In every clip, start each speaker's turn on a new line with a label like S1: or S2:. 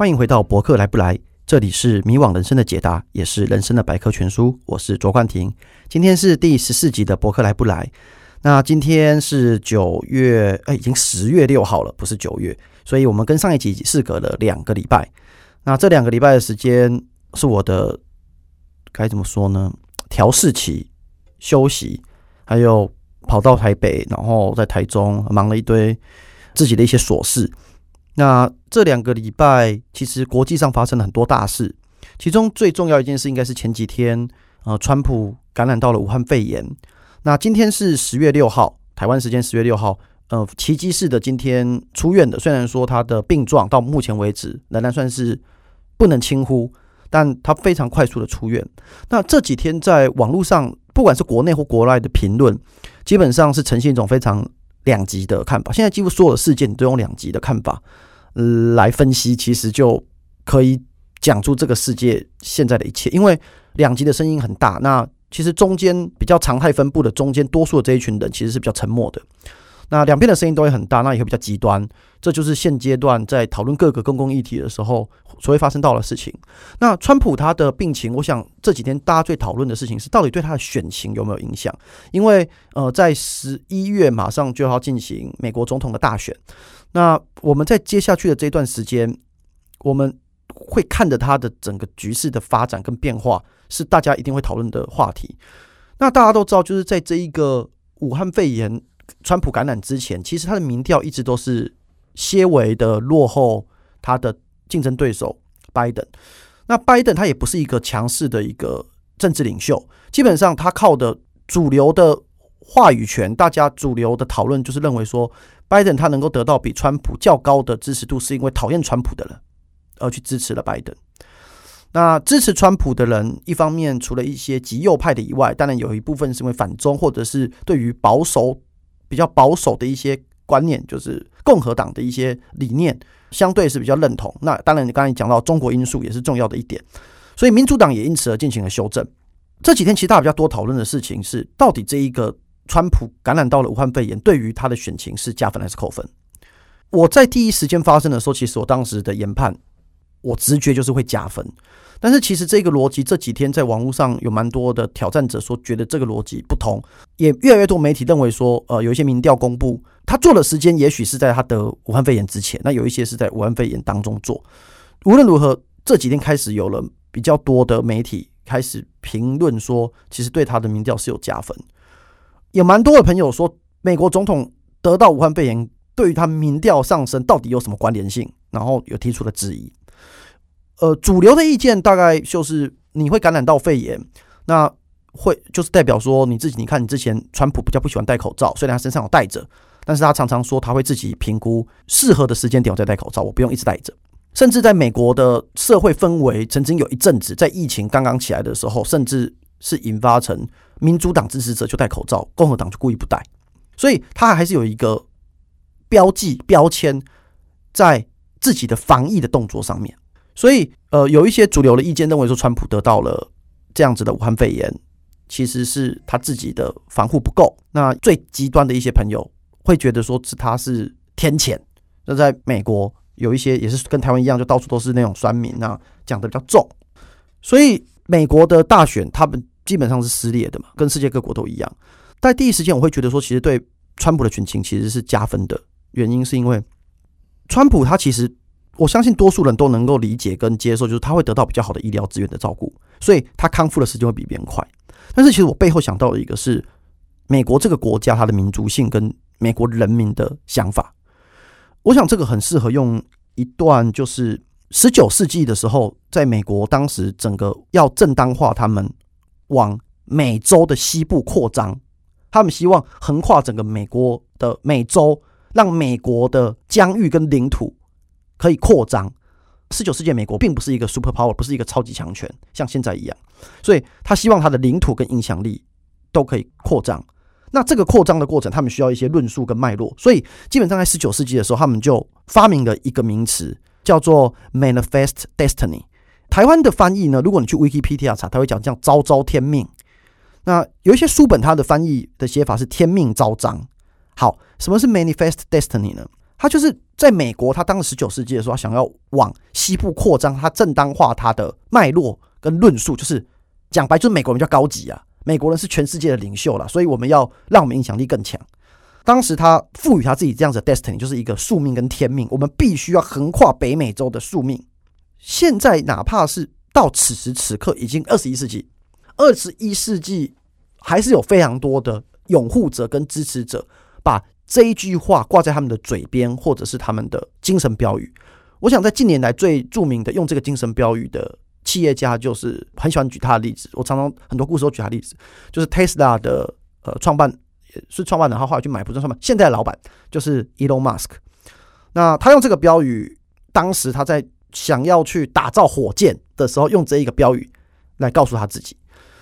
S1: 歡迎回到柏克萊不來？這裡是迷惘人生的解答，也是人生的百科全書。我是卓冠廷，今天是第十四集的柏克萊不來？那今天是九月，哎，已經十月六號了，不是九月。所以我們跟上一集是隔了兩個禮拜。那這兩個禮拜的時間是我的，該怎麼說呢？調試期、休息，還有跑到台北，然後在台中忙了一堆自己的一些瑣事。那這兩個禮拜，其實國際上發生了很多大事，其中最重要一件事應該是前幾天，呃，川普感染到了武漢肺炎。那今天是十月六號，台灣時間十月六號，呃，奇蹟式的今天出院的。雖然說他的病狀到目前為止仍然，然算是不能輕忽，但他非常快速的出院。那這幾天在網絡上，不管是國內或國外的評論，基本上是呈現一種非常。兩極的看法，現在幾乎所有的事件你都用兩極的看法來分析，其實就可以講出這個世界現在的一切。因為兩極的聲音很大，那其實中間比較常態分布的中間多數的這一群人其實是比較沉默的。那兩邊的聲音都會很大，那也會比較極端。這就是現階段在討論各個公共議題的時候。所以發生到了事情，那川普他的病情，我想這幾天大家最討論的事情是，到底對他的選情有沒有影響？因為呃，在十一月馬上就要進行美國總統的大選，那我們在接下去的這段時間，我們會看着他的整個局勢的發展跟變化，是大家一定會討論的話題。那大家都知道，就是在這一個武漢肺炎、川普感染之前，其實他的民調一直都是些微的落後他的。競爭對手拜登，那拜登他也不是一個強勢的一個政治領袖，基本上他靠的主流的話語權，大家主流的討論就是認為說，拜登他能夠得到比川普較高的支持度，是因為討厭川普的人而去支持了拜登。那支持川普的人，一方面除了一些極右派的以外，當然有一部分是因為反中或者是對於保守，比較保守的一些觀念，就是。共和黨的一些理念相對是比較認同，那當然你剛才講到中國因素也是重要的一點，所以民主黨也因此而進行了修正。這幾天其實大家比較多討論的事情是，到底這一個川普感染到了武漢肺炎，對於他的選情是加分還是扣分？我在第一時間發生的時候，其實我當時的研判，我直覺就是會加分。但是其實這個邏輯這幾天在網絡上有蠻多的挑戰者說，覺得這個邏輯不同，也越來越多媒體認為說，呃，有一些民調公布，他做的時間也許是在他得武漢肺炎之前，那有一些是在武漢肺炎當中做。無論如何，這幾天開始有了比較多的媒體開始評論說，其實對他的民調是有加分。有蠻多的朋友說，美國總統得到武漢肺炎，對於他民調上升到底有什麼關聯性，然後有提出了質疑。呃，主流的意見大概就是你會感染到肺炎，那會就是代表說你自己，你看你之前川普比較不喜歡戴口罩，雖然他身上有戴着，但是他常常說他會自己評估適合的時間點，我再戴口罩，我不用一直戴着。甚至在美國的社會氛圍，曾經有一陣子在疫情剛剛起來的時候，甚至是引發成民主黨支持者就戴口罩，共和黨就故意不戴，所以他還是有一個標記標籤在自己的防疫的動作上面。所以，呃，有一些主流的意見認為說，川普得到了這樣子的武漢肺炎，其實是他自己的防護不夠。那最極端的一些朋友會覺得說是他是天譴。那在美國有一些也是跟台灣一樣，就到處都是那種酸民啊，講得比較重。所以美國的大選，他們基本上是撕裂的嘛，跟世界各國都一樣。但第一時間，我會覺得說，其實對川普的群情其實是加分的，原因是因為川普他其實。我相信多數人都能夠理解跟接受，就是他會得到比較好的醫療資源的照顧，所以他康復的時間會比別人快。但是其實我背後想到的一個是美國這個國家它的民族性跟美國人民的想法，我想這個很適合用一段，就是十九世紀的時候，在美國當時整個要正當化他們往美洲的西部擴張，他們希望橫跨整個美國的美洲，讓美國的疆域跟領土可以擴張。十九世紀，美國並不是一個 super power，不是一個超級強權，像現在一樣，所以他希望他的領土跟影響力都可以擴張。那這個擴張的過程，他們需要一些論述跟脈絡，所以基本上在十九世紀的時候，他們就發明了一個名詞叫做 manifest destiny。台灣的翻譯呢，如果你去 Wikipedia 查，他會講叫昭昭天命”。那有一些書本，它的翻譯的寫法是“天命昭彰。好，什麼是 manifest destiny 呢？它就是。在美國，他當時十九世紀的時候，他想要往西部擴張，他正當化他的脈絡跟論述，就是講白，就是美國人比較高級啊，美國人是全世界的領袖了，所以我們要讓我們影響力更強。當時他賦予他自己這樣子的 destiny，就是一個宿命跟天命，我們必須要橫跨北美洲的宿命。現在哪怕是到此時此刻，已經二十一世紀，二十一世紀還是有非常多的擁護者跟支持者把，這一句話掛在他們的嘴邊，或者是他們的精神標語。我想，在近年來最著名的用這個精神標語的企業家，就是很喜歡舉他的例子。我常常很多故事都舉他的例子，就是 Tesla 的呃創辦，是創辦人，他後來去買，不是創辦，現在的老闆就是 Elon Musk。那他用這個標語，當時他在想要去打造火箭的時候，用這一個標語來告訴他自己。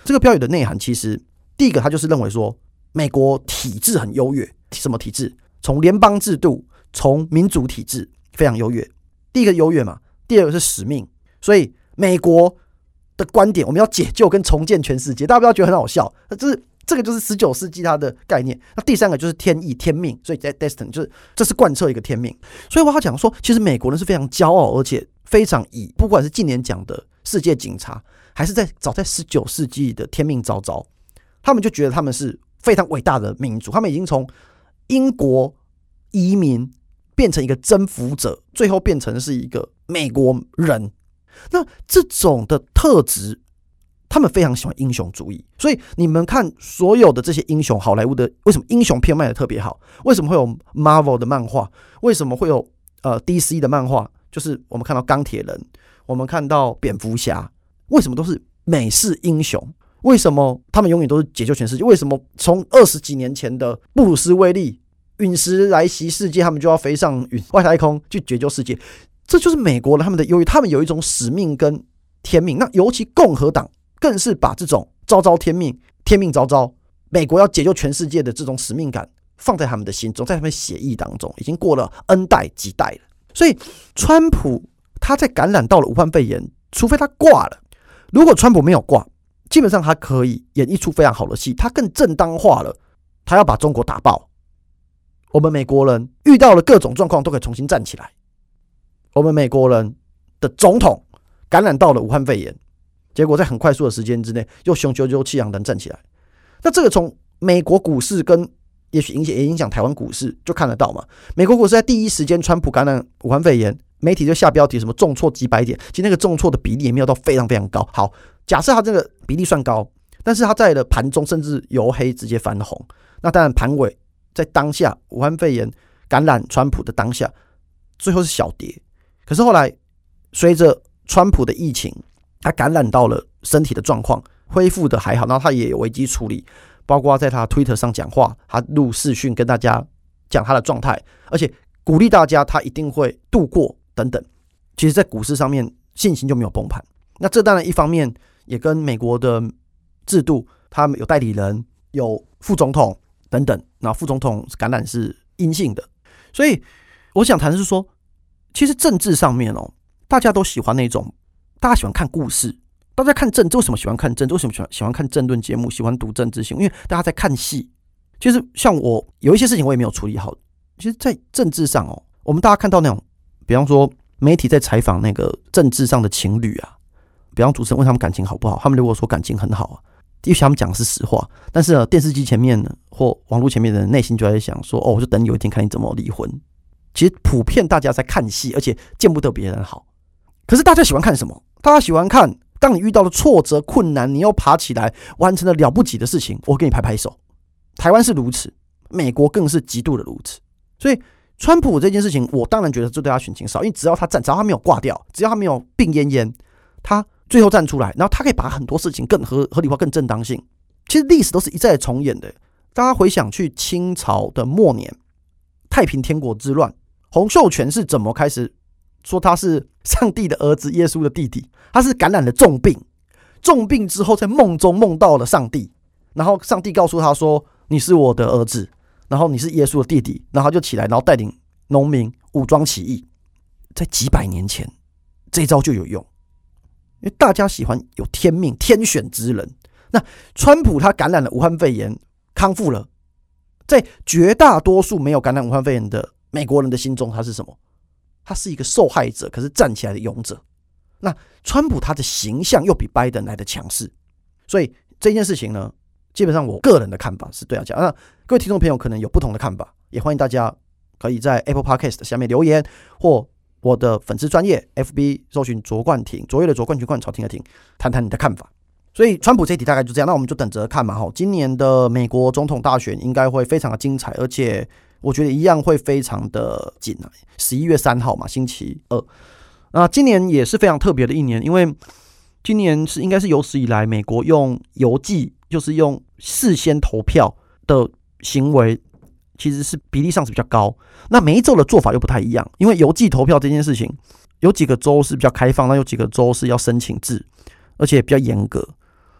S1: 這個標語的內涵，其實第一個他就是認為說。美國體制很優越，什麼體制？從聯邦制度，從民主體制，非常優越。第一個優越嘛，第二個是使命。所以美國的觀點，我們要解救跟重建全世界。大家不要覺得很好笑，那、就、這是這個就是十九世紀它的概念。那第三個就是天意天命，所以在 destiny 就是這是貫徹一個天命。所以我要講說，其實美國人是非常驕傲，而且非常以不管是近年講的世界警察，還是在早在十九世紀的天命昭昭，他們就覺得他們是。非常偉大的民族，他們已經從英國移民變成一個征服者，最後變成是一個美國人。那這種的特質，他們非常喜歡英雄主義。所以你們看，所有的這些英雄，好萊塢的為什麼英雄片賣的特別好？為什麼會有 Marvel 的漫畫？為什麼會有呃 DC 的漫畫？就是我們看到鋼鐵人，我們看到蝙蝠俠，為什麼都是美式英雄？為什麼他們永遠都是解救全世界？為什麼從二十幾年前的布魯斯威利隕石來襲世界，他們就要飛上外太空去解救世界？這就是美國了，他們的，由於他們有一種使命跟天命。那尤其共和黨更是把這種昭昭天命，天命昭昭，美國要解救全世界的這種使命感放在他們的心中，在他們血液當中，已經過了 n 代幾代了。所以川普他在感染到了武漢肺炎，除非他掛了。如果川普沒有掛，基本上他可以演一出非常好的戲，他更正當化了。他要把中國打爆。我們美國人遇到了各種狀況都可以重新站起來。我們美國人的總統感染到了武漢肺炎，結果在很快速的時間之內又雄赳赳氣昂昂地站起來。那這個從美國股市跟也許影響也影響台灣股市就看得到嘛？美國股市在第一時間，川普感染武漢肺炎，媒體就下標題什麼重挫幾百點，其實那個重挫的比例也沒有到非常非常高。好。假設他這個比例算高，但是他在了盤中甚至由黑直接翻紅，那當然盤尾在當下武漢肺炎感染川普的當下，最後是小跌。可是後來隨着川普的疫情，他感染到了身體的狀況恢復的還好，然後他也有危機處理，包括在他 Twitter 上講話，他錄視訊跟大家講他的狀態，而且鼓勵大家他一定會度過等等。其實，在股市上面信心就沒有崩盤。那這當然一方面。也跟美國的制度，他們有代理人，有副總統等等。然後副總統感染是陰性的，所以我想談的是說，其實政治上面哦，大家都喜歡那種，大家喜歡看故事，大家看政治，為什麼喜歡看政治？為什麼喜歡喜歡看政論節目？喜歡讀政治性，因為大家在看戲。其實像我有一些事情我也沒有處理好。其實，在政治上哦，我們大家看到那種，比方說媒體在採訪那個政治上的情侶啊。不讓主持人問他們感情好不好，他們如果說感情很好啊，他們講的是實話。但是呢，電視機前面或網絡前面的人內心就在想說：“哦，我就等你有一天看你怎麼離婚。”其實普遍大家在看戲，而且見不得別人好。可是大家喜歡看什麼？大家喜歡看當你遇到了挫折、困難，你要爬起來完成了了不起的事情，我給你拍拍手。台灣是如此，美國更是極度的如此。所以川普這件事情，我當然覺得這對他尋情少，因為只要他站，只要他沒有掛掉，只要他沒有病懨懨，他。最後站出來，然後他可以把很多事情更合合理化，更正當性。其實歷史都是一再重演的。大家回想去清朝的末年，太平天國之亂，洪秀全是怎麼開始說他是上帝的兒子、耶穌的弟弟？他是感染了重病，重病之後在夢中夢到了上帝，然後上帝告訴他說：“你是我的兒子，然後你是耶穌的弟弟。”然後他就起來，然後帶領農民武裝起義。在幾百年前，這一招就有用。因為大家喜歡有天命、天選之人。那川普他感染了武漢肺炎，康復了，在絕大多數沒有感染武漢肺炎的美國人的心中，他是什麼？他是一個受害者，可是站起來的勇者。那川普他的形象又比拜登來的強勢，所以這件事情呢，基本上我個人的看法是這樣講。啊、那各位聽眾朋友可能有不同的看法，也歡迎大家可以在 Apple Podcast 下面留言或。我的粉絲專業 FB 搜尋卓冠廷，卓越的卓冠軍冠朝廷的廷，談談你的看法。所以川普這題大概就這樣，那我們就等着看嘛吼。今年的美國總統大選應該會非常的精彩，而且我覺得一樣會非常的緊啊。十一月三號嘛，星期二，那今年也是非常特別的一年，因為今年是應該是有史以來美國用郵寄，就是用事先投票的行為。其實是比例上是比較高，那每一州的做法又不太一樣，因為郵寄投票這件事情，有幾個州是比較開放，那有幾個州是要申請制，而且也比較嚴格，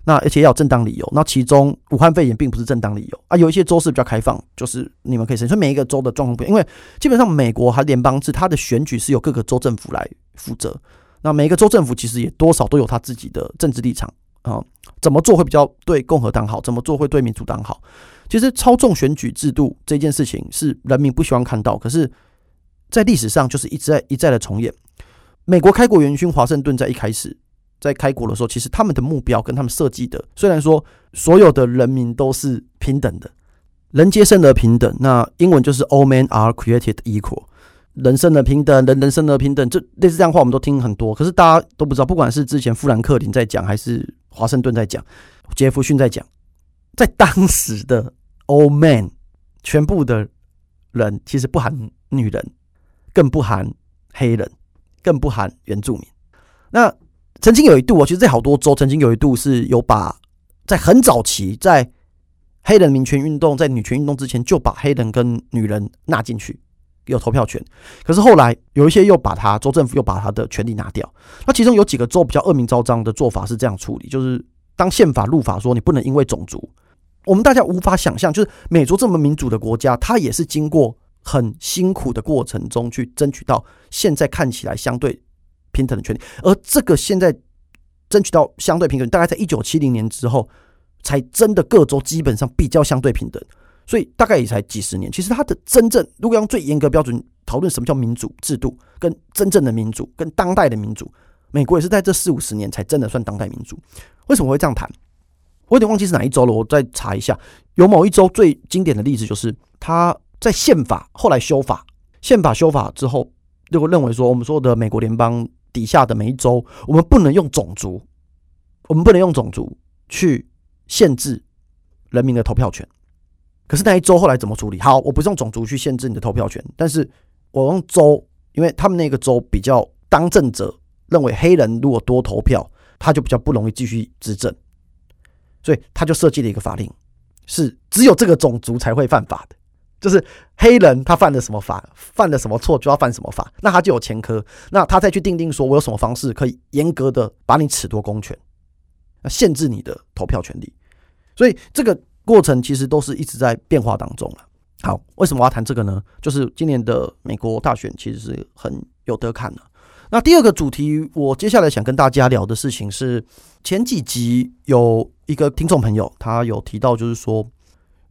S1: 那而且要有正當理由。那其中武漢肺炎並不是正當理由啊，有一些州是比較開放，就是你們可以申請。所以每一個州的狀況不一樣。因為基本上美國和聯邦制，它的選舉是由各個州政府來負責。那每一個州政府其實也多少都有他自己的政治立場。啊，怎麼做會比較對共和黨好？怎麼做會對民主黨好？其實操縱選舉制度這件事情是人民不喜歡看到，可是，在歷史上就是一直在一再的重演。美國開國元勳華盛頓在一開始在開國的時候，其實他們的目標跟他們設計的，雖然說所有的人民都是平等的，人皆生而平等，那英文就是 All men are created equal，人生而平等，人人生而平等，這類似這樣話，我們都聽很多，可是大家都不知道，不管是之前富蘭克林在講，還是。華盛頓在講，傑弗遜在講，在當時的 all men 全部的人其實不含女人，更不含黑人，更不含原住民。那曾經有一度、啊，我其實在好多州，曾經有一度是有把在很早期，在黑人民權運動、在女權運動之前，就把黑人跟女人納進去。有投票權，可是後來有一些又把他州政府又把他的權利拿掉。那其中有幾個州比較惡名昭彰的做法是這樣處理，就是當憲法入法說你不能因為種族，我們大家無法想象，就是美國這麼民主的國家，它也是經過很辛苦的過程中去爭取到現在看起來相對平等的權利。而這個現在爭取到相對平等，大概在一九七零年之後，才真的各州基本上比較相對平等。所以大概也才幾十年。其實他的真正，如果用最嚴格的標準討論什麼叫民主制度，跟真正的民主，跟當代的民主，美國也是在這四五十年才真的算當代民主。為什麼會這樣談？我有點忘記是哪一周了，我再查一下。有某一周最經典的例子就是，他在憲法後來修法，憲法修法之後，如果認為說我們說的美國聯邦底下的每一州，我們不能用種族，我們不能用種族去限制人民的投票權。可是那一州後來怎麼處理？好，我不是用種族去限制你的投票權，但是我用州，因為他們那個州比較當政者認為黑人如果多投票，他就比較不容易繼續執政，所以他就設計了一個法令，是只有這個種族才會犯法的，就是黑人他犯了什麼法，犯了什麼錯就要犯什麼法，那他就有前科，那他再去定定說我有什麼方式可以嚴格的把你褫奪公權，那限制你的投票權利，所以這個。過程其實都是一直在變化當中了啊。好，為什麼我要談這個呢？就是今年的美國大選其實是很有得看的啊。那第二個主題，我接下來想跟大家聊的事情是，前幾集有一個聽眾朋友他有提到，就是說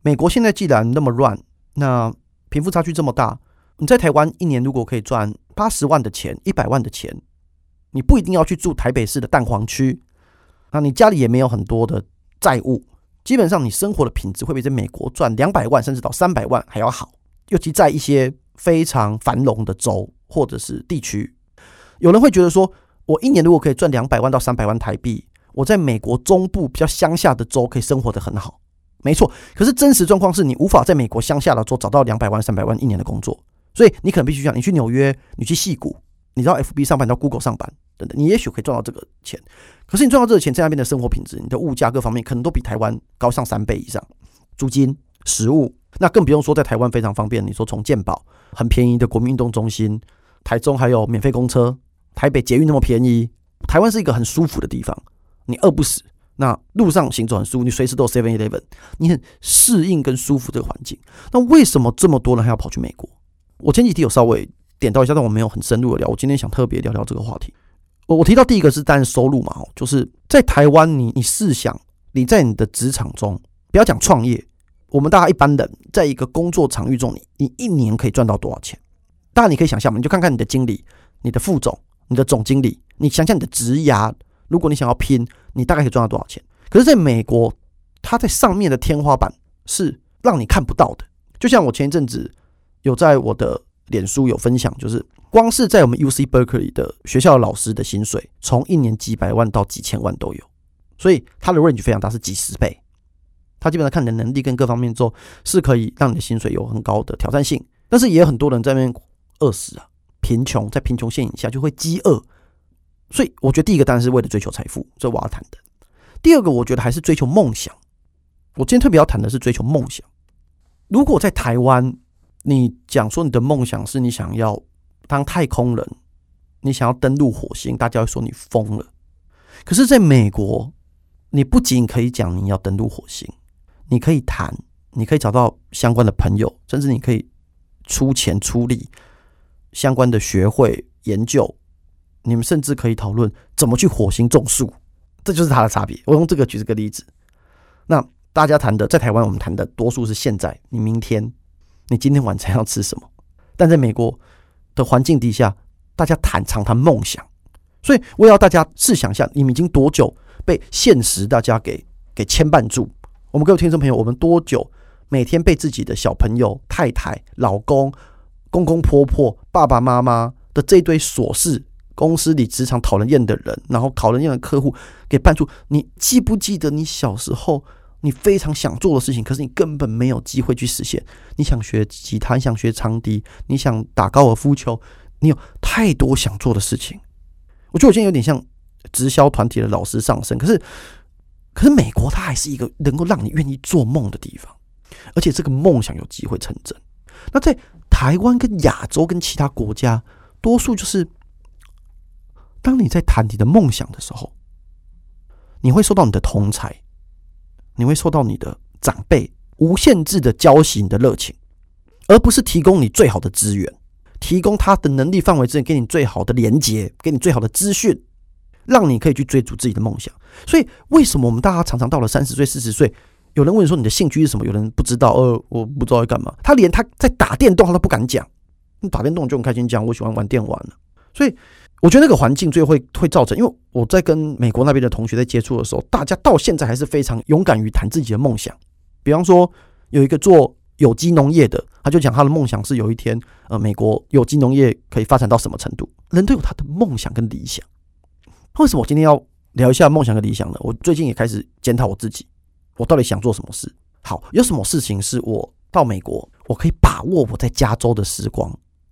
S1: 美國現在既然那麼亂，那貧富差距這麼大，你在台灣一年如果可以賺八十萬的錢、一百萬的錢，你不一定要去住台北市的蛋黃區，那你家裡也沒有很多的債務。基本上，你生活的品質會比在美國賺兩百萬甚至到三百萬還要好，尤其在一些非常繁榮的州或者是地區。有人會覺得說，我一年如果可以賺兩百萬到三百萬台幣，我在美國中部比較鄉下的州可以生活得很好。沒錯，可是真實狀況是你無法在美國鄉下的州找到兩百萬三百萬一年的工作，所以你可能必須想，你去紐約，你去矽谷。你到 FB 上班，你到 Google 上班，等等，你也許可以賺到這個錢。可是你賺到這個錢，在那邊的生活品質、你的物價各方面，可能都比台灣高上三倍以上。租金、食物，那更不用說，在台灣非常方便。你說從健保很便宜的國民運動中心，台中還有免費公車，台北捷運那麼便宜，台灣是一個很舒服的地方。你餓不死，那路上行走很舒服，你隨時都有 Seven Eleven，你很適應跟舒服這個環境。那為什麼這麼多人還要跑去美國？我前幾天有稍微。點到一下，但我沒有很深入的聊。我今天想特別聊聊這個話題。我我提到第一個是當然收入嘛，就是在台灣，你你試想你在你的職場中，不要講創業，我們大家一般人在一個工作場域中你，你你一年可以賺到多少錢？當然你可以想象嘛，你就看看你的經理、你的副總、你的總經理，你想想你的職涯，如果你想要拼，你大概可以賺到多少錢？可是在美國，它在上面的天花板是讓你看不到的。就像我前一陣子有在我的。臉書有分享，就是光是在我們 UC Berkeley 的學校的老師的薪水，從一年幾百萬到幾千萬都有，所以它的 range 非常大，是幾十倍。他基本上看你的能力跟各方面之後是可以讓你的薪水有很高的挑戰性。但是也有很多人在那邊餓死啊，貧窮在貧窮線以下就會飢餓。所以我覺得第一個當然是為了追求財富，這我要談的。第二個我覺得還是追求夢想。我今天特別要談的是追求夢想。如果在台灣。你講說你的夢想是你想要當太空人，你想要登陸火星，大家會說你瘋了。可是，在美國，你不僅可以講你要登陸火星，你可以談，你可以找到相關的朋友，甚至你可以出錢出力，相關的學會研究，你們甚至可以討論怎麼去火星種樹。這就是它的差別。我用這個舉這個例子。那大家談的，在台灣，我們談的多數是現在，你明天。你今天晚餐要吃什麼？但在美國的環境底下，大家坦誠談夢想。所以，我要大家試想一下，你們已經多久被現實大家給給牽絆住？我們各位聽眾朋友，我們多久每天被自己的小朋友、太太、老公、公公婆婆、爸爸媽媽的這堆瑣事、公司裡職場討人厭的人，然後討人厭的客戶給絆住？你記不記得你小時候？你非常想做的事情，可是你根本沒有機會去實現。你想學吉他，你想學長笛，你想打高爾夫球，你有太多想做的事情。我覺得我現在有點像直銷團體的老師上身。可是，可是美國它還是一個能夠讓你願意做夢的地方，而且這個夢想有機會成真。那在台灣跟亞洲跟其他國家，多數就是當你在談你的夢想的時候，你會受到你的同儕你會受到你的長輩無限制的澆熄你的熱情，而不是提供你最好的資源，提供他的能力範圍之內給你最好的連結，給你最好的資訊，讓你可以去追逐自己的夢想。所以，為什麼我們大家常常到了三十歲、四十歲，有人問說你的興趣是什麼？有人不知道，呃，我不知道在幹嘛。他連他在打電動他都不敢講，你打電動就很開心講，我喜歡玩電玩了。所以，我覺得那個環境最後會會造成，因為我在跟美國那邊的同學在接觸的時候，大家到現在還是非常勇敢於談自己的夢想。比方說，有一個做有機農業的，他就講他的夢想是有一天，呃，美國有機農業可以發展到什麼程度。人都有他的夢想跟理想。為什麼我今天要聊一下夢想跟理想呢？我最近也開始檢討我自己，我到底想做什麼事？好，有什麼事情是我到美國，我可以把握我在加州的時光，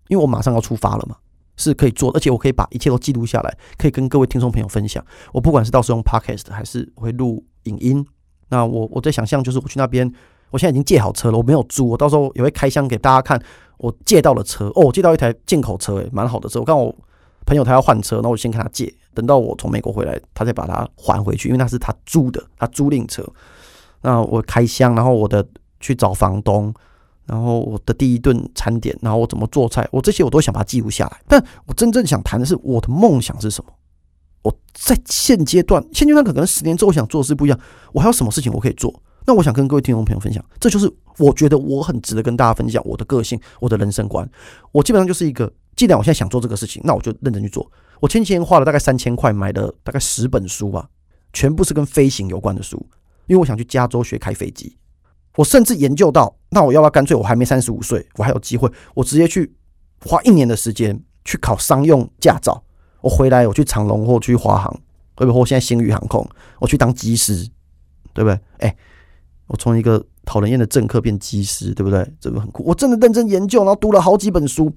S1: 因為我馬上要出發了嘛。是可以做，而且我可以把一切都記錄下來，可以跟各位聽眾朋友分享。我不管是到時候用 Podcast，還是會錄影音。那我我在想象，就是我去那邊，我現在已經借好車了，我沒有租。我到時候也會開箱給大家看我，哦，我借到的車哦，借到一台進口車，誒，蠻好的車。我看我朋友他要換車，那我就先跟他借，等到我從美國回來，他再把它還回去，因為那是他租的，他租賃車。那我開箱，然後我的去找房東。然後我的第一頓餐點，然後我怎麼做菜，我這些我都想把它記錄下來。但我真正想談的是我的夢想是什麼？我在現階段，現階段可能十年之後想做的事不一樣。我還有什麼事情我可以做？那我想跟各位聽眾朋友分享，這就是我覺得我很值得跟大家分享我的個性、我的人生觀。我基本上就是一個，既然我現在想做這個事情，那我就認真去做。我前幾天花了大概三千塊，買了大概十本書吧，全部是跟飛行有關的書，因為我想去加州學開飛機。我甚至研究到，那我要不要乾脆？我還沒三十五歲，我還有機會，我直接去花一年的時間去考商用駕照。我回來，我去長榮或去華航，對不對？我現在星宇航空，我去當機師，對不對？哎、欸，我從一個討人厭的政客變機師，對不對？這個很酷。我真的認真研究，然後讀了好幾本書，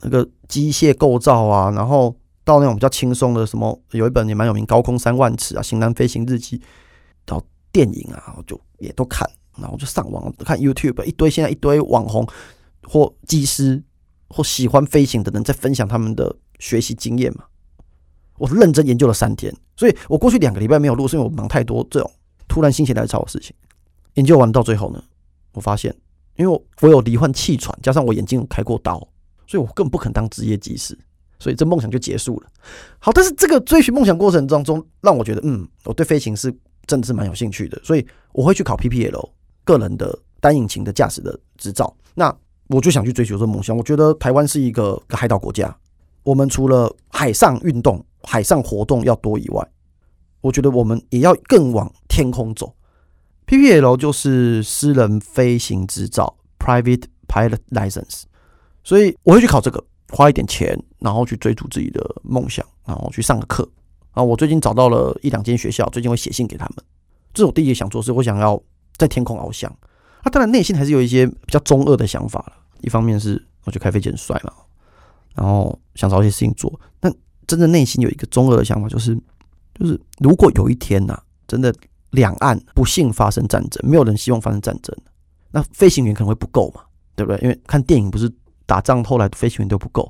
S1: 那個機械構造啊，然後到那種比較輕鬆的，什麼有一本也蠻有名，《高空三萬尺》啊，《型男飛行日記》，到電影啊，我就也都看。然後就上網看 YouTube，一堆現在一堆網紅或機師或喜歡飛行的人在分享他們的學習經驗嘛。我認真研究了三天，所以我過去兩個禮拜沒有錄，是因為我忙太多這種突然心血來潮的事情。研究完到最後呢，我發現因為我有罹患氣喘，加上我眼睛有開過刀，所以我更不肯當職業機師，所以這夢想就結束了。好，但是這個追尋夢想過程當中，讓我覺得嗯，我對飛行是真的是蠻有興趣的，所以我會去考 PPL。個人的單引擎的駕駛的執照，那我就想去追求這個夢想。我覺得台灣是一個海島國家，我們除了海上運動、海上活動要多以外，我覺得我們也要更往天空走。PPL 就是私人飛行執照 （Private Pilot License），所以我會去考這個，花一點錢，然後去追逐自己的夢想，然後去上個課。啊，我最近找到了一兩間學校，最近會寫信給他們。這是我第一件想做，是我想要。在天空翱翔，他、啊、當然內心還是有一些比較中二的想法了。一方面是我覺得開飛機很帥嘛，然後想找一些事情做。但真的內心有一個中二的想法，就是就是如果有一天吶、啊，真的兩岸不幸發生戰爭，沒有人希望發生戰爭，那飛行員可能會不夠嘛，對不對？因為看電影不是打仗，後來的飛行員都不夠。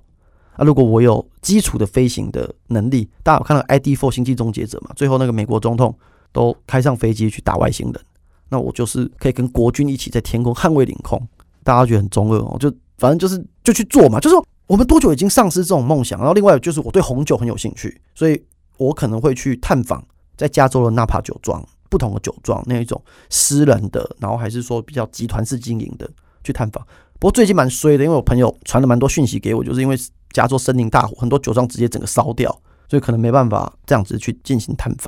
S1: 那如果我有基礎的飛行的能力，大家有看到《ID4 星際終結者》嘛？最後那個美國總統都開上飛機去打外星人。那我就是可以跟國軍一起在天空捍衛領空，大家覺得很中二哦、喔，就反正就是就去做嘛。就是說我們多久已經喪失這種夢想？然後另外就是我對紅酒很有興趣，所以我可能會去探訪在加州的納帕酒莊，不同的酒莊那一種私人的，然後還是說比較集團式經營的去探訪。不過最近蠻衰的，因為我朋友傳了蠻多訊息給我，就是因為加州森林大火，很多酒莊直接整個燒掉，所以可能沒辦法這樣子去進行探訪。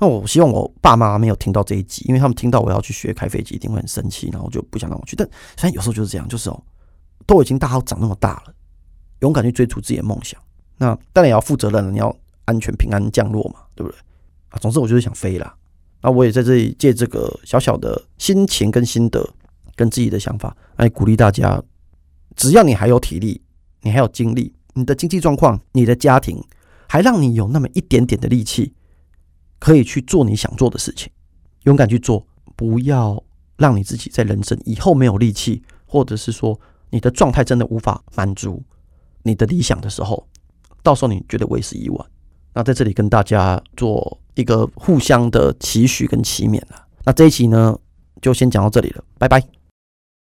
S1: 那我希望我爸媽沒有聽到這一集，因為他們聽到我要去學開飛機，一定會很生氣，然後就不想讓我去。但實際上有時候就是這樣，就是哦，都已經大好長那麼大了，勇敢去追逐自己的夢想。那當然也要負責任，你要安全平安降落嘛，對不對？啊，總之我就是想飛啦。那我也在這裡借這個小小的心情跟心得，跟自己的想法，來鼓勵大家：只要你還有體力，你還有精力，你的經濟狀況，你的家庭還讓你有那麼一點點的力氣。可以去做你想做的事情，勇敢去做，不要讓你自己在人生以後沒有力氣，或者是說你的狀態真的無法滿足你的理想的時候，到時候你覺得為時已晚。那在這裡跟大家做一個互相的期許跟期勉了啊。那這一期呢，就先講到這裡了，拜拜。